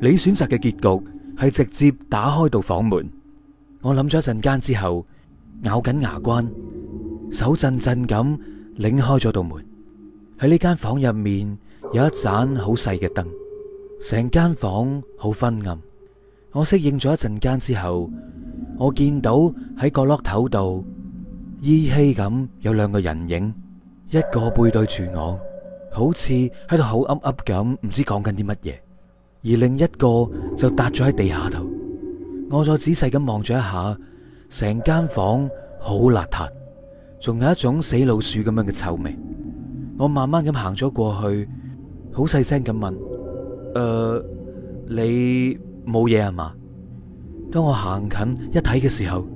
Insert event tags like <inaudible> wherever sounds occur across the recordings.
你選擇嘅結局係直接打開道房門。我諗咗一陣間之後，咬緊牙關，手震震咁擰開咗道門。喺呢間房入面有一盞好細嘅燈，成間房好昏暗。我適應咗一陣間之後，我見到喺角落頭度依稀咁有兩個人影，一個背對住我，好似喺度口噏噏咁，唔知講緊啲乜嘢。而另一個就笪咗喺地下度。我再仔細咁望咗一下，成間房好邋遢，仲有一種死老鼠咁樣嘅臭味。我慢慢咁行咗過去，好細聲咁問：誒、呃，你冇嘢呀嘛？當我行近一睇嘅時候，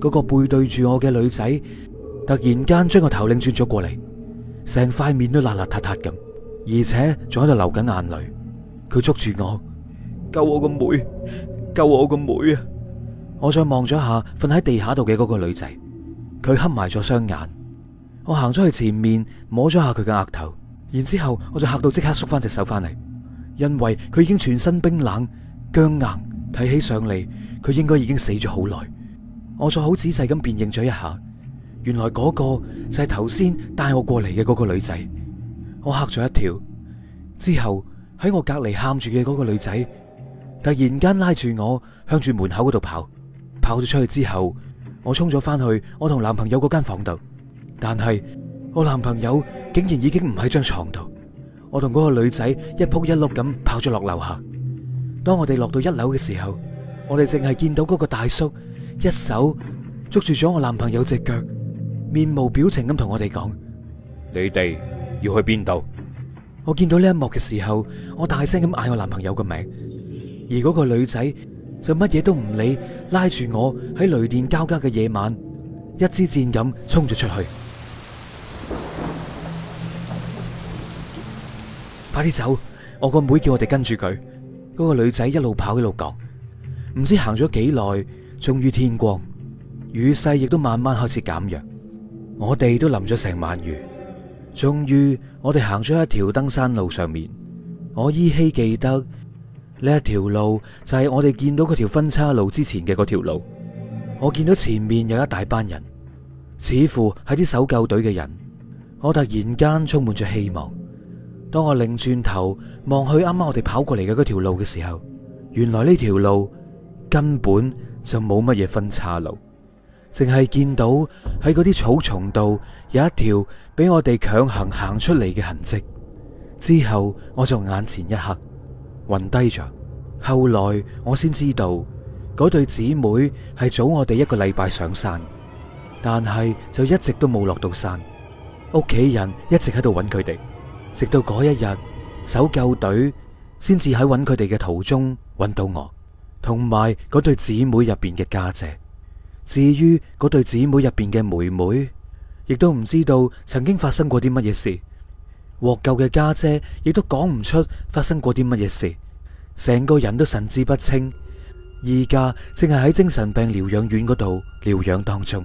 嗰個背對住我嘅女仔突然間將個頭擰轉咗過嚟，成塊面都邋邋遢遢咁，而且仲喺度流緊眼淚。佢捉住我，救我個妹，救我個妹啊！我再望咗下，瞓喺地下度嘅嗰個女仔，佢黑埋咗雙眼。我行咗去前面，摸咗下佢嘅額頭，然之後我就吓到，即刻縮翻隻手翻嚟，因為佢已經全身冰冷僵硬，睇起上嚟，佢應該已經死咗好耐。我再好仔細咁辨認咗一下，原來嗰個就係頭先帶我過嚟嘅嗰個女仔，我吓咗一跳，之後。喺我隔籬喊住嘅嗰個女仔，突然間拉住我向住門口嗰度跑，跑咗出去之後，我衝咗翻去我同男朋友嗰間房度，但係我男朋友竟然已經唔喺張床度，我同嗰個女仔一扑一碌咁跑咗落樓下。當我哋落到一樓嘅時候，我哋淨係見到嗰個大叔一手捉住咗我男朋友隻腳，面無表情咁同我哋講，你哋要去邊度？我見到呢一幕嘅時候，我大聲咁嗌我男朋友個名，而嗰個女仔就乜嘢都唔理，拉住我喺雷電交加嘅夜晚，一支箭咁衝咗出去。 <noise> 快啲走！我個妹，妹叫我哋跟住佢。嗰、嗰個女仔一路跑一路講，唔知行咗幾耐，終於天光，雨勢亦都慢慢開始減弱，我哋都淋咗成晚雨。終於，我哋行咗一條登山路上面。我依稀記得呢一條路就係我哋見到嗰條分岔路之前嘅嗰條路。我見到前面有一大班人，似乎係啲搜救隊嘅人。我突然間充滿咗希望。當我擰轉頭望去，啱啱我哋跑過嚟嘅嗰條路嘅時候，原來呢條路根本就冇乜嘢分岔路。淨係見到喺嗰啲草叢度有一條俾我哋強行行出嚟嘅痕跡，之後我就眼前一黑，暈低咗。後來我先知道，嗰對姊妹係早我哋一個禮拜上山，但係就一直都冇落到山，屋企人一直喺度揾佢哋，直到嗰一日搜救隊先至喺揾佢哋嘅途中揾到我，同埋嗰對姊妹入邊嘅家姐。至於嗰對姊妹入邊嘅妹妹，亦都唔知道曾經發生過啲乜嘢事。獲救嘅家姐亦都講唔出發生過啲乜嘢事，成個人都神志不清，而家正係喺精神病療養院嗰度療養當中。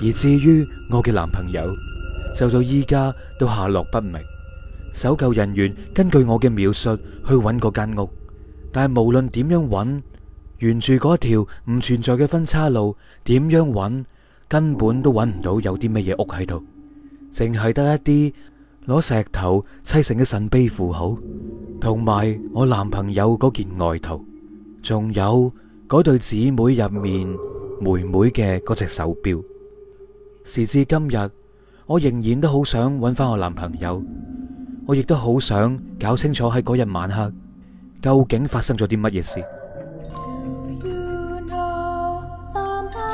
而至於我嘅男朋友，就到依家都下落不明。搜救人員根據我嘅描述去搵嗰間屋，但係無論點樣搵，沿住嗰條唔存在嘅分岔路，點樣揾，根本都揾唔到有啲乜嘢屋喺度，淨係得一啲攞石頭砌成嘅神秘符號，同埋我男朋友嗰件外套，仲有嗰對姊妹入面妹妹嘅嗰隻手錶。時至今日，我仍然都好想揾翻，我男朋友，我亦都好想搞清楚喺嗰日晚黑究竟發生咗啲乜嘢事。